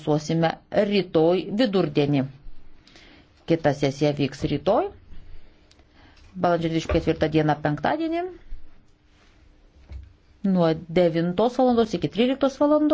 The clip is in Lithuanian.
balsuosime rytoj vidurdienį. Kita sesija vyks rytoj, balandžio 24 dieną penktadienį, nuo 9 val. iki 13 val.